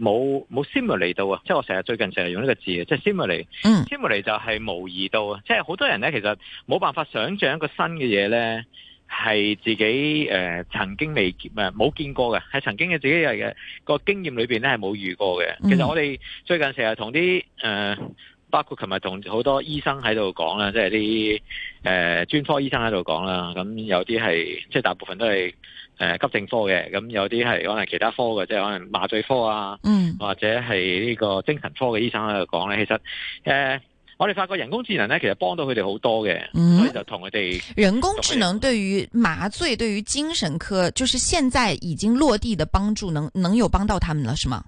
冇冇，simulate 到啊！即係我成日最近成日用呢個字啊，即係 simulate 嗯 simulate 就係模擬到啊！即係好多人咧，其實冇辦法想象一個新嘅嘢咧，係自己誒、呃、曾經未冇見過嘅，係曾經嘅自己嘅個經驗裏面咧係冇遇過嘅。其實我哋最近成日同啲誒。呃包括琴日同好多醫生喺度講啦，即係啲誒專科醫生喺度講啦，咁有啲係即係大部分都係誒、呃、急症科嘅，咁有啲係可能其他科嘅，即係可能麻醉科啊，或者係呢個精神科嘅醫生喺度講咧，嗯、其實誒、呃、我哋發覺人工智能咧，其實幫到佢哋好多嘅，嗯、所以就同佢哋人工智能對於麻醉、對於精神科，就是現在已經落地嘅幫助能，能能有幫到他們了，是嗎？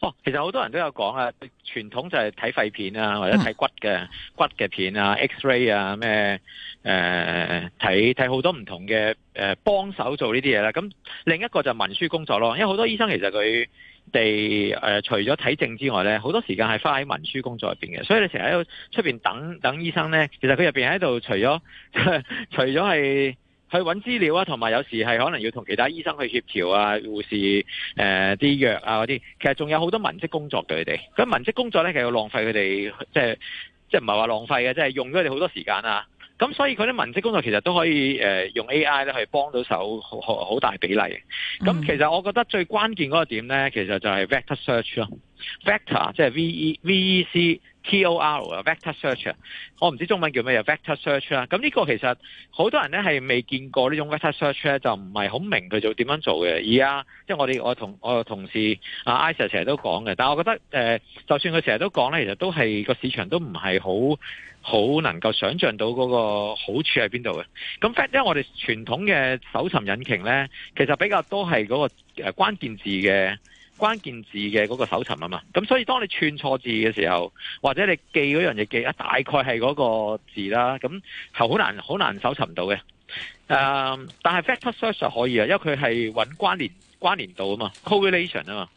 哦，其實好多人都有講啊，傳統就係睇肺片啊，或者睇骨嘅骨嘅片啊，X-ray 啊，咩誒睇睇好多唔同嘅誒、呃、幫手做呢啲嘢啦。咁、嗯、另一個就係文書工作咯，因為好多醫生其實佢哋誒除咗睇症之外咧，好多時間係花喺文書工作入邊嘅。所以你成日喺度出邊等等醫生咧，其實佢入邊喺度除咗 除咗係。去揾資料啊，同埋有，有時係可能要同其他醫生去協調啊，護士誒啲、呃、藥啊嗰啲，其實仲有好多文職工作對佢哋。咁文職工作呢，其實要浪費佢哋即係即係唔係話浪費嘅，即係用咗佢哋好多時間啊。咁所以佢啲文職工作其實都可以誒、呃、用 AI 呢去幫到手好好大比例。咁其實我覺得最關鍵嗰個點呢，其實就係 Vector Search 咯，Vector 即係 VEVEC。T O R 啊，vector search 啊，我唔知中文叫咩啊，vector search 啦。咁呢個其實好多人咧係未見過呢種 vector search 咧，就唔係好明佢做點樣做嘅。而家，即係我哋我同我同事啊 i s a 成日都講嘅。但係我覺得誒、呃，就算佢成日都講咧，其實都係個市場都唔係好好能夠想像到嗰個好處喺邊度嘅。咁 fact 呢，我哋傳統嘅搜尋引擎咧，其實比較多係嗰個關鍵字嘅。關鍵字嘅嗰個搜尋啊嘛，咁所以當你串錯字嘅時候，或者你記嗰樣嘢記啊，大概係嗰個字啦，咁係好難好難搜尋到嘅。Uh, 但係 vector search 就可以啊，因為佢係揾關聯關聯度啊嘛，correlation 啊嘛。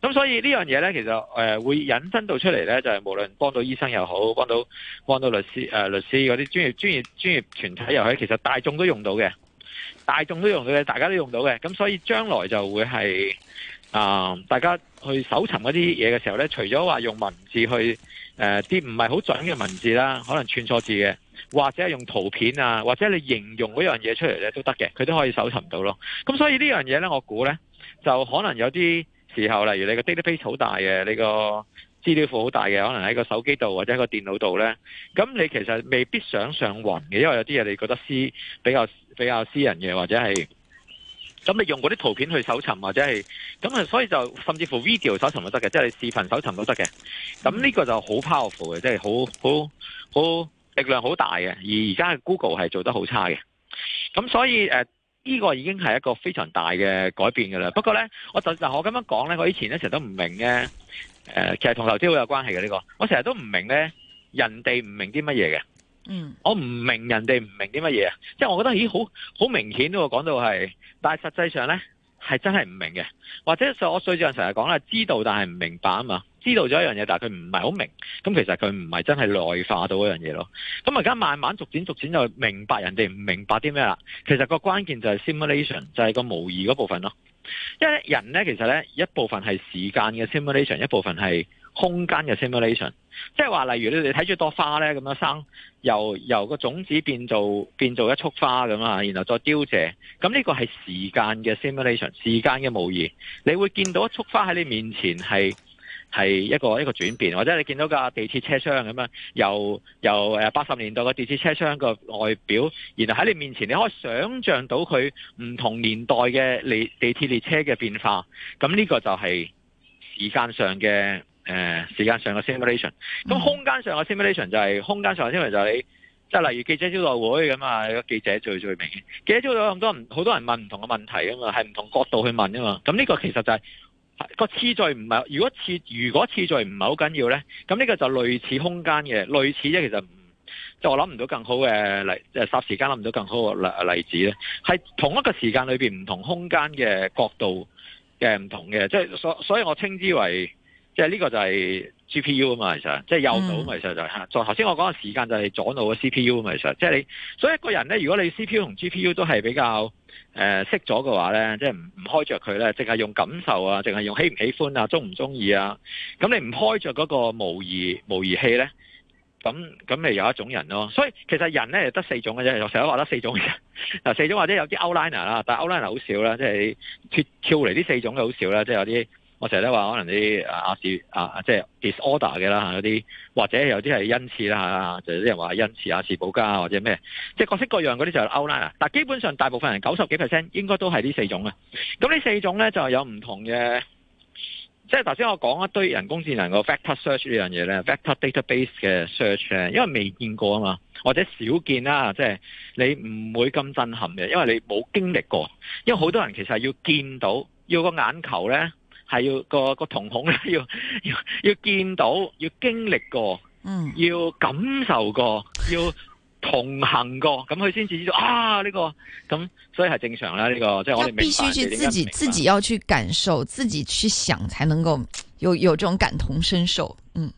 咁所以呢樣嘢咧，其實誒、呃、會引申到出嚟咧，就係、是、無論幫到醫生又好，幫到幫到律師、呃、律師嗰啲專業專業專業團體，又好，其實大眾都用到嘅，大眾都用到嘅，大家都用到嘅，咁所以將來就會係。啊！大家去搜尋嗰啲嘢嘅時候呢，除咗話用文字去誒啲唔係好準嘅文字啦，可能串錯字嘅，或者係用圖片啊，或者你形容嗰樣嘢出嚟嘅都得嘅，佢都可以搜尋到咯。咁所以呢樣嘢呢，我估呢，就可能有啲時候，例如你個 database 好大嘅，你個資料庫好大嘅，可能喺個手機度或者喺個電腦度呢，咁你其實未必想上雲嘅，因為有啲嘢你覺得私比較比較私人嘅，或者係。.咁你用嗰啲圖片去搜尋或者係。咁啊所以就甚至乎 video 搜尋都得嘅，即係你視頻搜尋都得嘅。咁呢個就好 powerful 嘅，即係好好好力量好大嘅。而而家嘅 Google 係做得好差嘅。咁所以誒，呢個已經係一個非常大嘅改變㗎啦。不過咧，我就嗱，我咁樣講咧，我以前咧成日都唔明咧，誒其實同頭先好有關係嘅呢個，我成日都唔明咧，人哋唔明啲乜嘢嘅。嗯，我唔明人哋唔明啲乜嘢啊，即係我覺得咦好好明顯都講到係，但係實際上咧係真係唔明嘅，或者所我最近成日講啦，知道但係唔明白啊嘛，知道咗一樣嘢，但係佢唔係好明，咁其實佢唔係真係內化到嗰樣嘢咯，咁而家慢慢逐漸逐漸就明白人哋唔明白啲咩啦，其實個關鍵就係 simulation 就係個模擬嗰部分咯，因為人咧其實咧一部分係時間嘅 simulation，一部分係。空間嘅 simulation，即係話，例如你哋睇住朵花咧，咁樣生，由由個種子變做變做一束花咁啊，然後再凋謝。咁呢個係時間嘅 simulation，時間嘅模擬。你會見到一束花喺你面前係係一個一個轉變，或者你見到個地鐵車廂咁啊，由由誒八十年代嘅地鐵車廂個外表，然後喺你面前，你可以想像到佢唔同年代嘅地地鐵列車嘅變化。咁呢個就係時間上嘅。誒時間上嘅 simulation，咁空間上嘅 simulation 就係空間上嘅 simulation 就係即係例如記者招待會咁啊，記者最最明，記者招待會咁多，好多人問唔同嘅問題啊嘛，係唔同角度去問啊嘛，咁呢個其實就係個次序唔係，如果次如果次序唔係好緊要咧，咁呢個就類似空間嘅，類似啫其實就我諗唔到更好嘅例，即係霎時間諗唔到更好嘅例例子咧，係同一個時間裏邊唔同空間嘅角度嘅唔同嘅，即係所所以我稱之為。即係呢個就係 G P U 啊嘛，其實即係右腦啊嘛，其實就係、就是。頭先、嗯、我講嘅時間就係左腦嘅 C P U 啊嘛，其實即係你。所以一個人咧，如果你 C P U 同 G P U 都係比較誒、呃、識咗嘅話咧，即係唔唔開着佢咧，淨係用感受啊，淨係用喜唔喜歡啊，鍾唔鍾意啊，咁你唔開着嗰個模擬模擬器咧，咁咁咪有一種人咯。所以其實人咧得四種嘅啫，我成日話得四種。嗱， 四種或者有啲 Outliner 啦，但係 Outliner 好少啦，即、就、係、是、跳嚟呢四種嘅好少啦，即、就、係、是、有啲。我成日都話，可能啲亞氏啊，即係 disorder 嘅啦，嗰啲或者有啲係恩賜啦，嚇，就有啲人話恩賜亞氏保加啊，或者咩，即係各式各樣嗰啲就係 outlier。但基本上大部分人九十幾 percent 應該都係呢四種啊。咁呢四種咧就係有唔同嘅，即係頭先我講一堆人工智能個 vector search 呢樣嘢咧，vector database 嘅 search 咧，因為未見過啊嘛，或者少見啦，即係你唔會咁震撼嘅，因為你冇經歷過。因為好多人其實係要見到，要個眼球咧。係要個個瞳孔咧，要要要見到，要經歷過，嗯，要感受過，要同行過，咁佢先至知道啊！呢個咁，所以係正常啦。呢個即係我哋必須去自己自己要去感受，自己去想，才能夠有有種感同身受。嗯，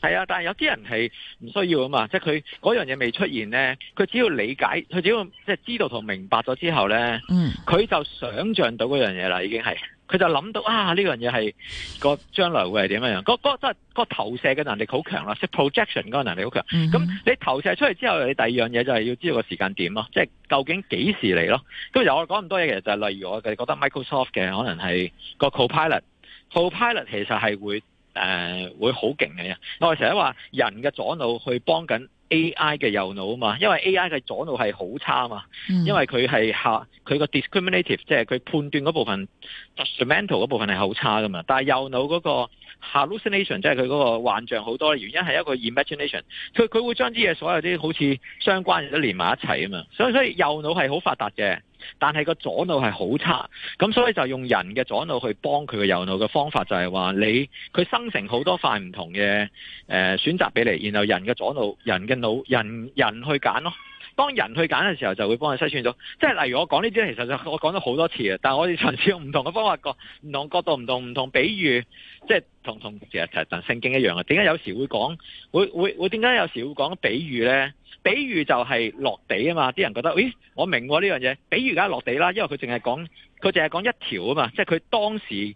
係啊，但係有啲人係唔需要啊嘛，即係佢嗰樣嘢未出現咧，佢只要理解，佢只要即係知道同明白咗之後咧，嗯，佢就想象到嗰樣嘢啦，已經係。佢就諗到啊，呢樣嘢係個將來會係點樣樣？嗰嗰真係個投射嘅能力好強啦，即係 projection 嗰個能力好強。咁、嗯、哼你投射出嚟之後，你第二樣嘢就係要知道個時間點咯，即係究竟幾時嚟咯？咁其實我講咁多嘢，其實就係例如我哋覺得 Microsoft 嘅可能係個 copilot，copilot co 其實係會誒、呃、會好勁嘅。我成日話人嘅左腦去幫緊 AI 嘅右腦啊嘛，因為 AI 嘅左腦係好差啊嘛，嗯、因為佢係下佢個 discriminative，即係佢判斷嗰部分 s t a m e n t a l 嗰部分係好 差噶嘛。但係右腦嗰個 hallucination，即係佢嗰個幻象好多，原因係一個 imagination，佢佢會將啲嘢，所有啲好似相關嘢都連埋一齊啊嘛。所以所以右腦係好發達嘅，但係個左腦係好差，咁所以就用人嘅左腦去幫佢嘅右腦嘅方法就係話你佢生成好多塊唔同嘅，誒、呃、選擇俾你，然後人嘅左腦人嘅。腦人人去揀咯，當人去揀嘅時候，就會幫你篩選咗。即係例如我講呢啲，其實就我講咗好多次嘅，但係我哋嘗試用唔同嘅方法講，唔同角度，唔同唔同比喻，即係同同其實其實同聖經一樣嘅。點解有時會講會會會？點解有時會講比喻咧？比喻就係落地啊嘛！啲人覺得，咦，我明呢、啊、樣嘢。比喻梗係落地啦，因為佢淨係講佢淨係講一條啊嘛，即係佢當時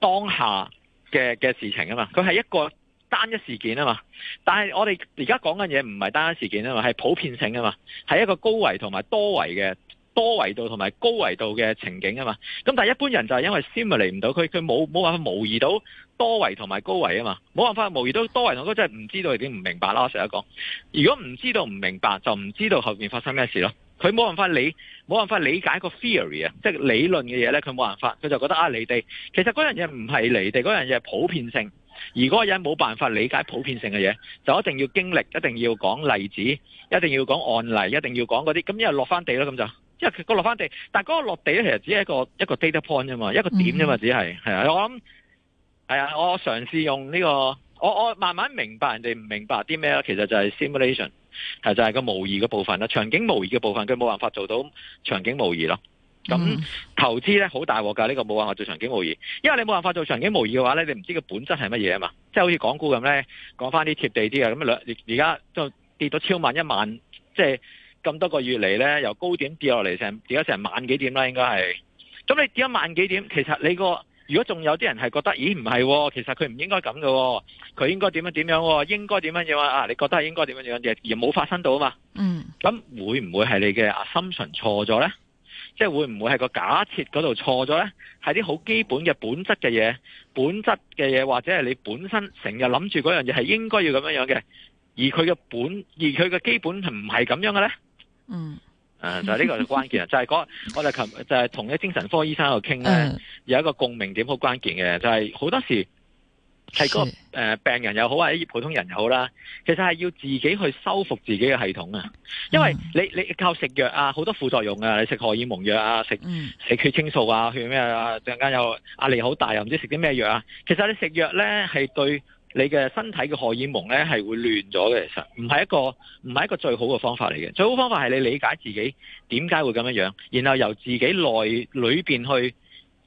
當下嘅嘅事情啊嘛。佢係一個。單一事件啊嘛，但係我哋而家講緊嘢唔係單一事件啊嘛，係普遍性啊嘛，係一個高維同埋多維嘅多維度同埋高維度嘅情景啊嘛。咁但係一般人就係因為 simulate 唔到，佢佢冇冇辦法模擬到多維同埋高維啊嘛，冇辦法模擬到多維同高，即係唔知道點唔明白啦。我成日講，如果唔知道唔明白，就唔知道後面發生咩事咯。佢冇辦法理，冇辦法理解個 theory 啊，即係理論嘅嘢咧，佢冇辦法，佢就覺得啊，你哋其實嗰樣嘢唔係你哋，嗰樣嘢係普遍性。如果有人冇辦法理解普遍性嘅嘢，就一定要經歷，一定要講例子，一定要講案例，一定要講嗰啲，咁因為落翻地咯，咁就，因為佢落翻地，但係嗰個落地咧其實只係一個一個 data point 啫嘛，一個點啫嘛，只係啊，我諗係啊，我嘗試用呢個，我我慢慢明白人哋唔明白啲咩啦，其實就係 simulation 係就係個模擬嘅部分啦，場景模擬嘅部分，佢冇辦法做到場景模擬咯。咁、嗯、投資咧好大鑊㗎，呢、呢個冇辦法做情景模擬，因為你冇辦法做情景模擬嘅話咧，你唔知佢本質係乜嘢啊嘛，即係好似港股咁咧，講翻啲貼地啲嘅，咁兩而而家就跌到超萬一萬，即係咁多個月嚟咧，由高點跌落嚟成跌咗成萬幾點啦，應該係。咁你跌一萬幾點，其實你個如果仲有啲人係覺得，咦唔係、哦，其實佢唔應該咁嘅，佢應該點樣點樣，應該點樣樣啊？你覺得應該點樣樣嘢，而冇發生到啊嘛。嗯。咁會唔會係你嘅 assumption 錯咗咧？即係會唔會係個假設嗰度錯咗咧？係啲好基本嘅本質嘅嘢，本質嘅嘢或者係你本身成日諗住嗰樣嘢係應該要咁樣嘅，而佢嘅本，而佢嘅基本係唔係咁樣嘅咧？嗯，誒就係呢個就關鍵喇！就係、是、講、 那個、我就琴日就同一精神科醫生喺度傾咧，有一個共鳴點好關鍵嘅，就係、是、好多時。係個誒病人又好或者普通人又好啦，其實係要自己去修復自己嘅系統啊。因為你你靠食藥啊，好多副作用啊。你食荷爾蒙藥啊，食食血清素啊，血咩啊？陣間又壓力好大，又唔知食啲咩藥啊。其實你食藥咧，係對你嘅身體嘅荷爾蒙咧，係會亂咗嘅。其實唔係一個唔係一個最好嘅方法嚟嘅。最好方法係你理解自己點解會咁樣樣，然後由自己內裏邊去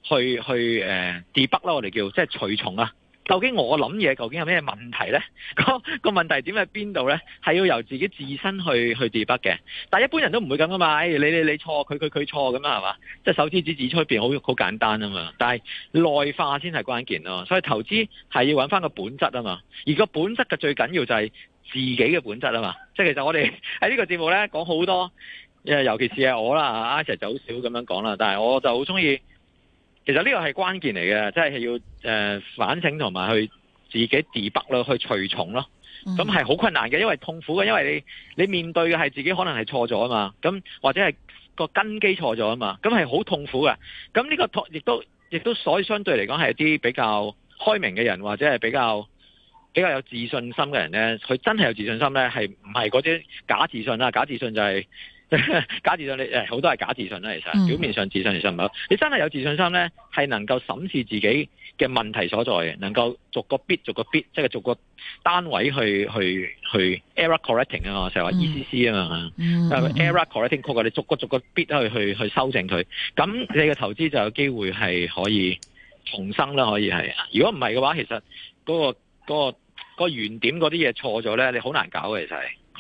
去去誒 debug 啦，我哋叫即係除蟲啊。究竟我諗嘢，究竟有咩問題咧？個 個問題點喺邊度咧？係要由自己自身去去自北嘅。但係一般人都唔會咁噶嘛，哎、你你你錯，佢佢佢錯咁啊，係嘛？即係、就是、手指指指出邊，好好簡單啊嘛。但係內化先係關鍵咯。所以投資係要揾翻個本質啊嘛。而個本質嘅最緊要就係自己嘅本質啊嘛。即、就、係、是、其實我哋喺呢個節目咧講好多，誒，尤其是係我啦啊，阿 Sir 就好少咁樣講啦。但係我就好中意。其實呢個係關鍵嚟嘅，即係要誒，反省同埋去自己自拔咯，去除重咯。咁係好困難嘅，因為痛苦嘅，因為你你面對嘅係自己可能係錯咗啊嘛，咁或者係個根基錯咗啊嘛，咁係好痛苦嘅。咁呢個亦都亦都所以相對嚟講係一啲比較開明嘅人，或者係比較比較有自信心嘅人呢，佢真係有自信心呢，係唔係嗰啲假自信啊？假自信就係。 假自信你誒好多係假自信啦，其實表面上自信其實唔係。你真係有自信心咧，係能夠審視自己嘅問題所在嘅，能夠逐個 bit 逐個 bit，即係逐個單位去去去 error correcting 啊嘛，成日話 ECC 啊嘛，error correcting code 啊，mm hmm. er、Code, 你逐個逐個 bit 去去去修正佢，咁你嘅投資就有機會係可以重生啦，可以係。如果唔係嘅話，其實嗰、嗰個、嗰個、嗰個原點嗰啲嘢錯咗咧，你好難搞嘅其實。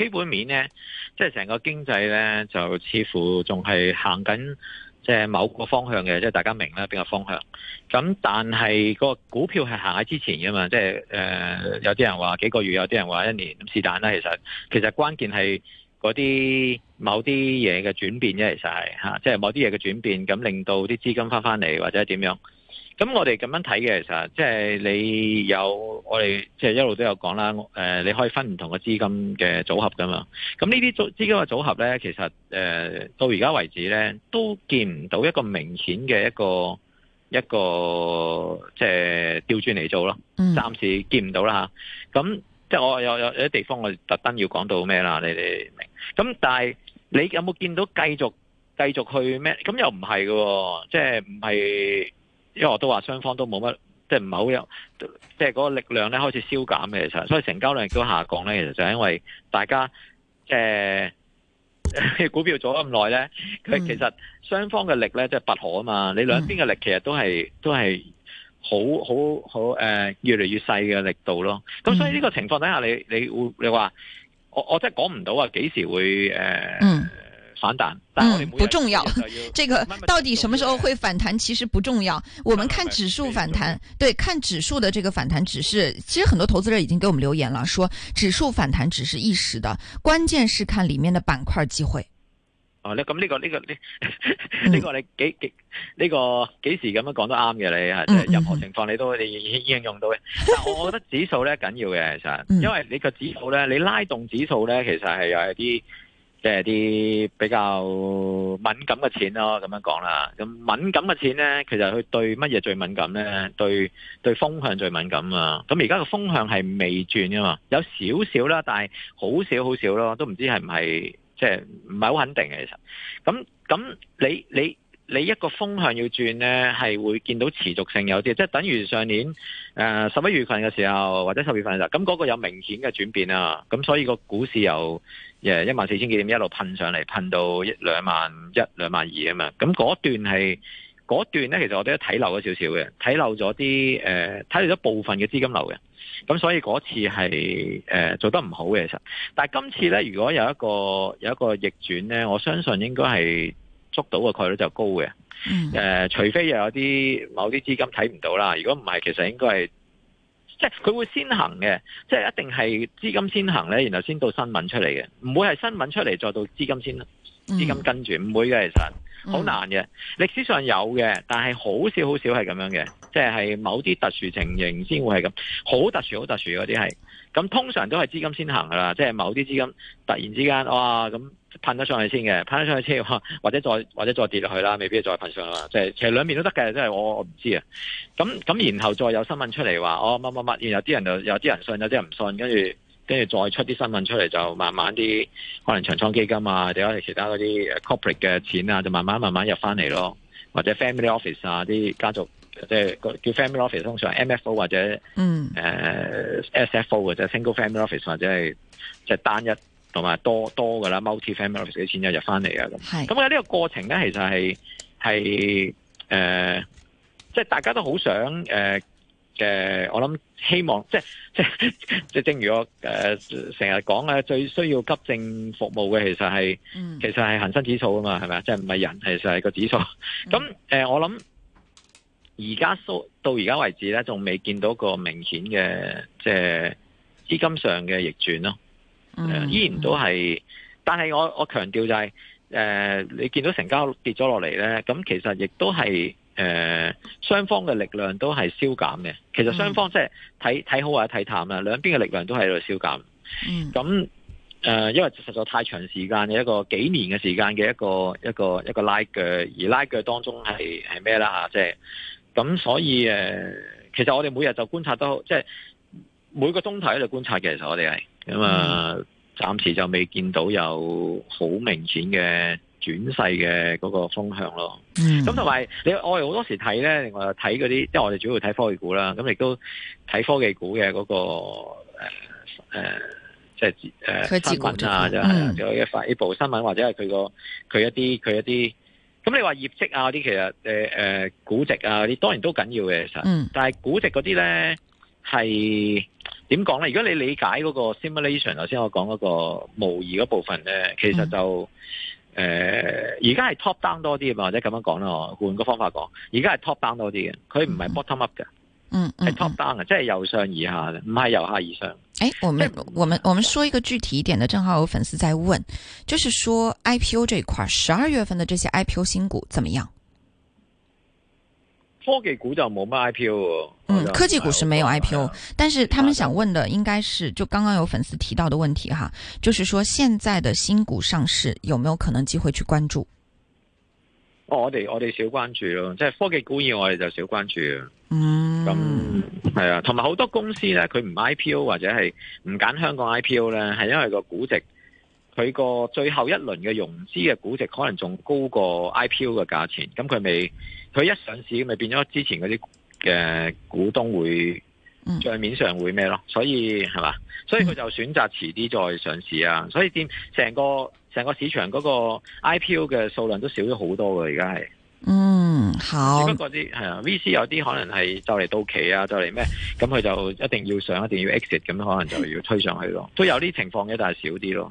基本面呢，即係成個經濟呢，就似乎仲係行緊即係某個方向嘅，即係大家明啦邊個方向。咁但係個股票係行喺之前㗎嘛，即係誒有啲人話幾個月，有啲人話一年，咁是但啦。其實其實關鍵係嗰啲某啲嘢嘅轉變啫，其實係嚇，即係某啲嘢嘅轉變，咁令到啲資金翻翻嚟或者點樣。咁我哋咁樣睇嘅，其實即係你有我哋即係一路都有講啦。誒，你可以分唔同嘅資金嘅組合㗎嘛。咁呢啲組資金嘅組合咧，其實誒到而家為止咧，都見唔到一個明顯嘅一個一個即係掉轉嚟做咯。暫時見唔到啦嚇。咁即係我有有有啲地方我特登要講到咩啦？你你明咁？但係你有冇見到繼續繼續去咩？咁又唔係嘅，即係唔係。因為我都話雙方都冇乜，即係唔係好有，即係嗰個力量咧開始消減嘅其實，所以成交量亦都下降咧，其實就係因為大家誒股票做咗咁耐咧，佢、呃、 其實雙方嘅力咧即係拔河啊嘛，你兩邊嘅力其實都係都係好好好誒，越嚟越細嘅力度咯。咁所以呢個情況底下，你你會你話我我真係講唔到啊，幾時會誒？嗯反彈，嗯，不重要，這個到底什麼時候會反彈其實不重要，我們看指數反彈對，看指數的這個反彈只是，其實很多投資者已經給我們留言了，說指數反彈只是一時的，關鍵是看裏面的板塊機會。哦，你咁呢個呢、這個呢呢、這個嗯、 個你幾幾呢個幾、這個這個、時咁樣講都啱嘅你啊，嗯、任何情況你都你應用到嘅。嗯、我覺得指數咧緊 要嘅其實，因為你個指數咧你拉動指數咧其實係有一啲。即係啲比較敏感嘅錢咯，咁樣講啦。咁敏感嘅錢呢，其實佢對乜嘢最敏感呢？對對風向最敏感啊！咁而家個風向係未轉啊嘛，有少少啦，但係好少好少咯，都唔知係唔係即係唔係好肯定嘅其實。咁咁你你。你一個風向要轉呢，係會見到持續性有啲，即係等於上年誒十一月份嘅時候或者十月份嘅時候，咁、那、嗰個有明顯嘅轉變啦。咁所以個股市由 14, 一萬四千幾點一路噴上嚟，噴到一兩萬一兩萬二啊嘛。咁、那、嗰、個、段係嗰、那個、段呢，其實我哋都睇漏咗少少嘅，睇漏咗啲誒，睇、呃、漏咗部分嘅資金流嘅。咁所以嗰次係誒、呃、做得唔好嘅，其實。但係今次呢，如果有一個有一個逆轉呢，我相信應該係。捉到嘅概率就高嘅、嗯呃，除非又有啲某啲資金睇唔到啦。如果唔係，其實應該係即係佢會先行嘅，即係一定係資金先行咧，然後先到新聞出嚟嘅，唔會係新聞出嚟再到資金先，資金跟住唔、嗯、會嘅。其實好、嗯、難嘅，歷史上有嘅，但係好少好少係咁樣嘅，即係某啲特殊情形先會係咁，好特殊好特殊嗰啲係。咁通常都係資金先行噶啦，即係某啲資金突然之間哇咁。嗯噴得上去先嘅，噴得上去先或者再或者再跌落去啦，未必再噴上去啦。即係其實兩面都得嘅，即係我我唔知啊。咁咁然後再有新聞出嚟話哦乜乜乜，然後有啲人就有啲人信，有啲人唔信，跟住跟住再出啲新聞出嚟，就慢慢啲可能長倉基金啊，或者係其他嗰啲 corporate 嘅錢啊，就慢慢慢慢入翻嚟咯。或者 family office 啊，啲家族即係叫 family office，通常 MFO 或者嗯 SFO 或者 single family office 或者係即係單一。同埋多多噶啦，multifamily 嗰啲錢又入翻嚟啊咁。咁啊呢個過程咧，其實係係誒，即係、呃就是、大家都好想誒誒、呃呃，我諗希望即係即係即係，正如我誒成日講嘅，最需要急症服務嘅，其實係、嗯、其實係恒生指數啊嘛，係咪啊？即係唔係人，其實係個指數。咁 誒、呃，我諗而家到而家為止咧，仲未見到個明顯嘅即係資金上嘅逆轉咯。嗯、依然都係，但係我我強調就係、是，誒、呃，你見到成交跌咗落嚟呢，咁其實亦都係，誒、呃，雙方嘅力量都係消減嘅。其實雙方即係睇睇好或者睇淡啦，兩邊嘅力量都喺度消減。咁誒、嗯呃，因為實在太長時間嘅一個幾年嘅時間嘅一個一個一個拉鋸，而拉鋸當中係係咩啦？即、就、係、是，咁所以誒、呃，其實我哋每日就觀察都即係每個鐘頭喺度觀察嘅。其實我哋係。咁啊，嗯、暫時就未見到有好明顯嘅轉勢嘅嗰個方向咯、嗯。咁同埋，你我哋好多時睇咧，另外睇嗰啲，即係我哋主要睇科技股啦。咁亦都睇科技股嘅嗰、嗰個誒、呃呃、即係、呃、新聞啊，即係有一塊一部新聞或者係佢個佢一啲佢一啲。咁你話業績啊啲，其實誒誒估值啊啲，當然都緊要嘅，其實。嗯、但係估值嗰啲咧係。點講咧？如果你理解嗰個 simulation，頭先我講嗰個模擬嗰部分咧，其實就誒而家係 top down 多啲啊嘛，或者咁樣講啦。我換個方法講，而家係 top down 多啲嘅，佢唔係 bottom up 嘅、嗯嗯，嗯，係 top down 嘅，即係由上而下嘅，唔係由下而上。誒、欸，所以，我們我們我們說一個具體一點的，正好有粉絲在問，就是說 IPO 這一塊十二月份的這些 IPO 新股怎麼樣？科技股就冇乜 IPO，嗯，科技股是沒有 IPO，但是他們想問的應該是，就剛剛有粉絲提到的問題哈，就是說現在的新股上市有沒有可能機會去關注？哦、我哋我哋少關注咯，即係科技股以外我哋就少關注，嗯，咁係啊，同埋好多公司咧，佢唔 IPO 或者係唔揀香港 IPO 咧，係因為個估值。佢個最後一輪嘅融資嘅估值可能仲高過 IPO 嘅價錢，咁佢未，佢一上市咪變咗之前嗰啲嘅股東會帳面上會咩咯？所以係嘛？所以佢就選擇遲啲再上市啊。所以見成個成個市場嗰個 IPO 嘅數量都少咗好多嘅，而家係嗯好。只不過啲係啊，VC 有啲可能係就嚟到期啊，就嚟咩咁，咁佢、啊、就一定要上，一定要 exit 咁，可能就要推上去咯。嗯、都有啲情況嘅，但係少啲咯。